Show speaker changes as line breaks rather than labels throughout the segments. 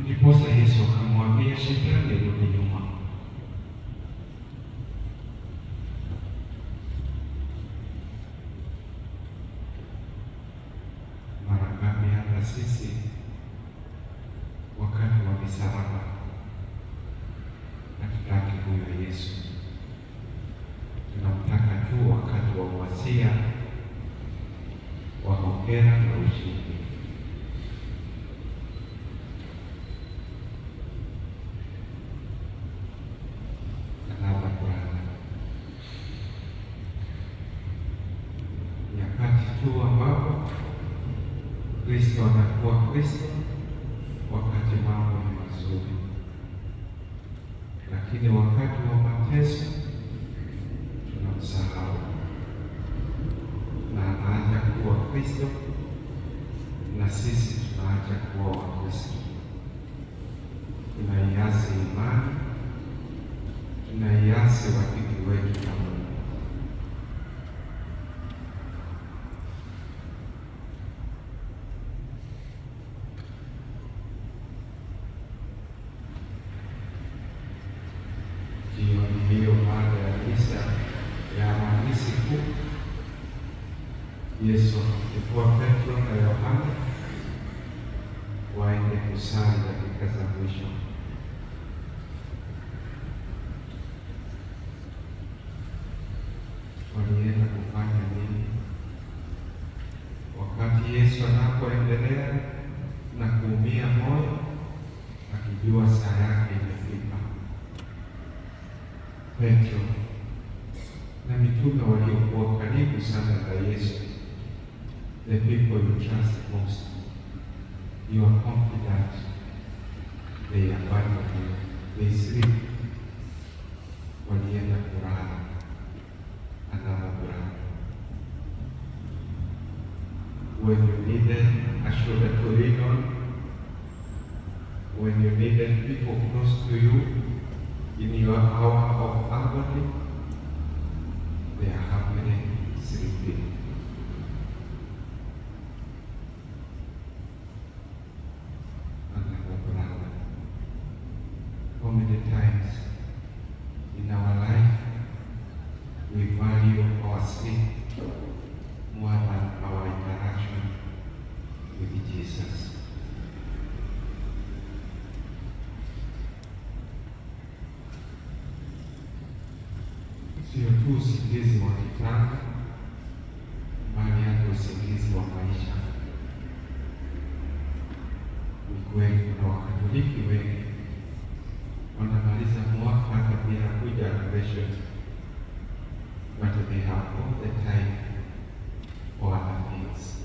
Ndiposa Yesu akamwambia shetani arudi nyuma. Mara ngapi hata sisi wakati wa misalaba hatutaki huyo Yesu, tunamtaka tu wakati wa wasia wa hongera na ushindi. tu ambapo Kristo anakuwa Kristo, wakati mambo ni mazuri, lakini wakati wa mateso tunamsahau na anaacha kuwa Kristo na sisi tunaacha kuwa Wakristo. Tunaiasi imani, tunaiasi rafiki wetu kama Yesu akachukua Petro na Yohana waende kusali dakika za mwisho. Walienda kufanya nini? Wakati Yesu anapoendelea na kuumia moyo, akijua saa yake imefika, Petro na mitume waliokuwa karibu sana na Yesu the people you trust most. You are confident they abandon you, they sleep. Walienda kulala, analala kulala. When you needed a shoulder the way on, when you them people close to you, in your hour of agony, they are happily sleeping. many times in our life we value our sleep more than our interaction with Jesus. Sio tu usingizi wa kitanda, bali hata usingizi wa maisha. Ni kweli kuna Wakatoliki wengi wanakuja graduation, but they have all the time for other things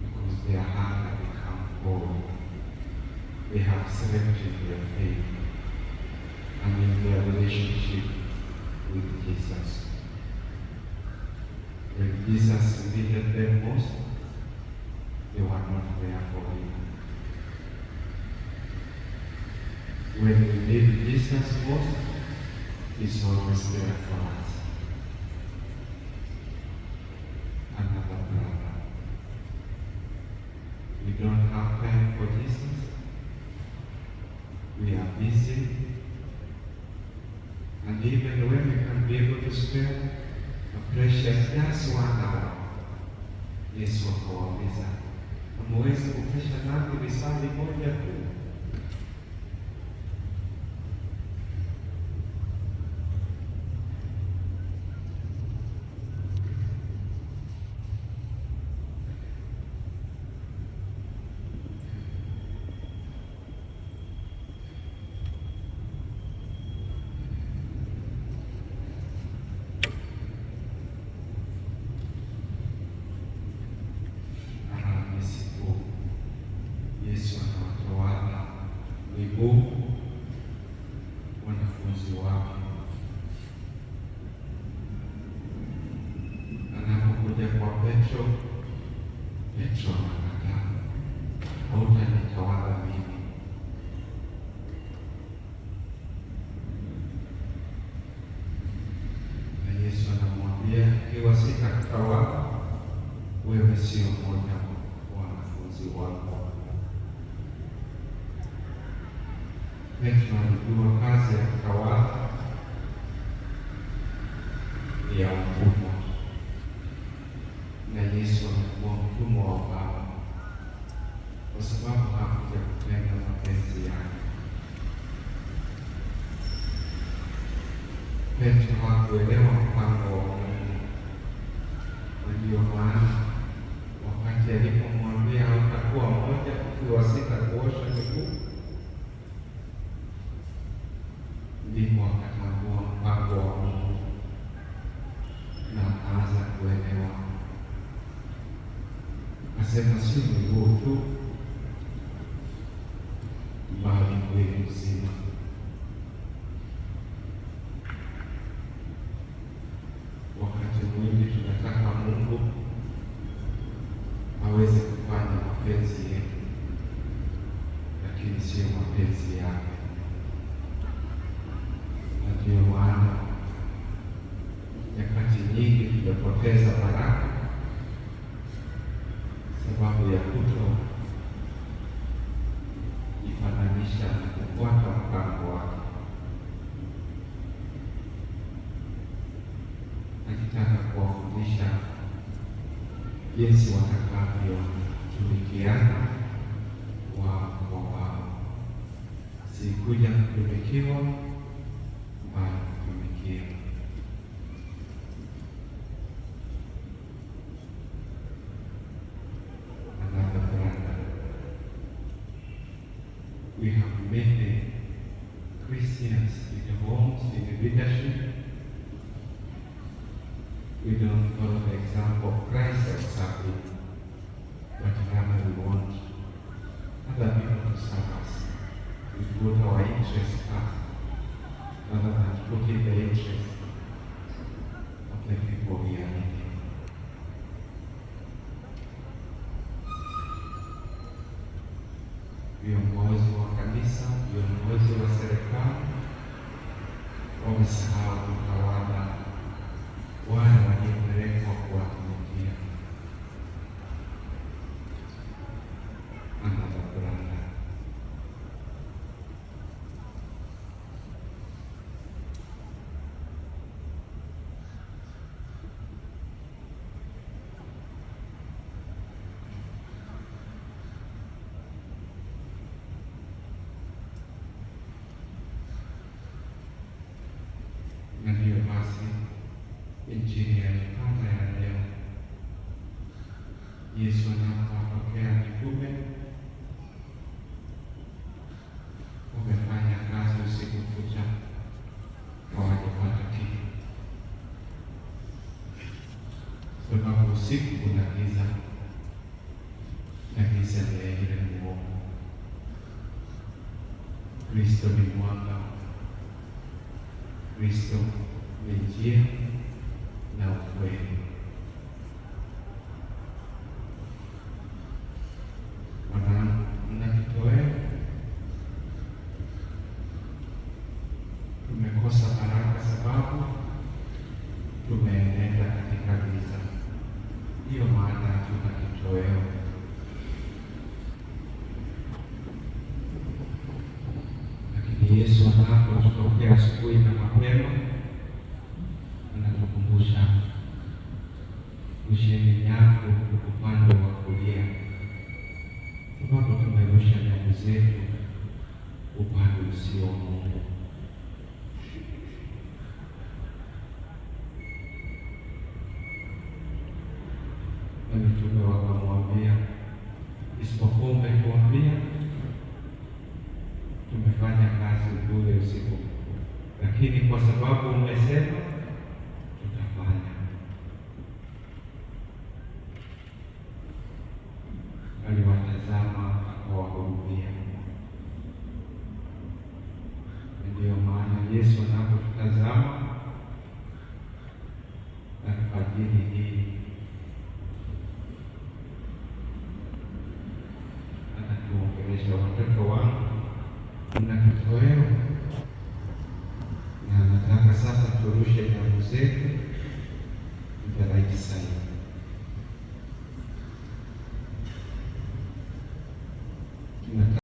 because their heart has become cold. They have selected their faith and in their relationship with Jesus. When Jesus needed them most, when we make Jesus first, He's always there for us. Another problem. We don't have time for Jesus. We are busy. And even when we can be able to spare a precious just one hour, Yesu akawaeleza, ameweza kukesha nami misali moja tu Hechu alijua kazi ya kutawala ya utumwa, na Yesu alikuwa mtumwa wa Baba kwa sababu hakuja kutenda mapenzi yake. Petro hakuelewa mpango wa Mungu, na ndiyo maana Zemasini Gordo, Mário Coelho Zima. Wakati mwingi tunataka Mungu aweze kufanya mapenzi yetu, lakini sio mapenzi yake, na ndio maana nyakati nyingi tumepoteza parada. kuonyesha jinsi watakavyotumikiana tumikiana kwa wao, sikuja kutumikiwa We que follow the example que Christ exactly, but rather o que é que nós estamos, us. We put our interests first, é que putting the interests of the people we are leading. viongozi wa kanisa, viongozi wa serikali, wamesahau utawala ingegneria paterna. Gesù è nato a qualche anno come come fai a caso si confugia poi qualche sono così con la chiesa la chiesa dei dell'uomo Cristo mi guarda Cristo mi gira na ukweli. Mwanangu, mna kitoweo? sababu tumeenda katika hiyo maana hatuna kitoweo. Lakini Yesu anapotuka asubuhi na mapema kukumbusha misheni yako upande wa kulia, ambapo tumerusha nyavu zetu upande usio wa Mungu. Mitume wakamwambia, isipokuwa umetuambia tumefanya kazi bure usiku, lakini kwa sababu umesema kuwafundisha watoto wangu na kitoweo, na nataka sasa turushe nyavu zetu. Mtalaiki sana.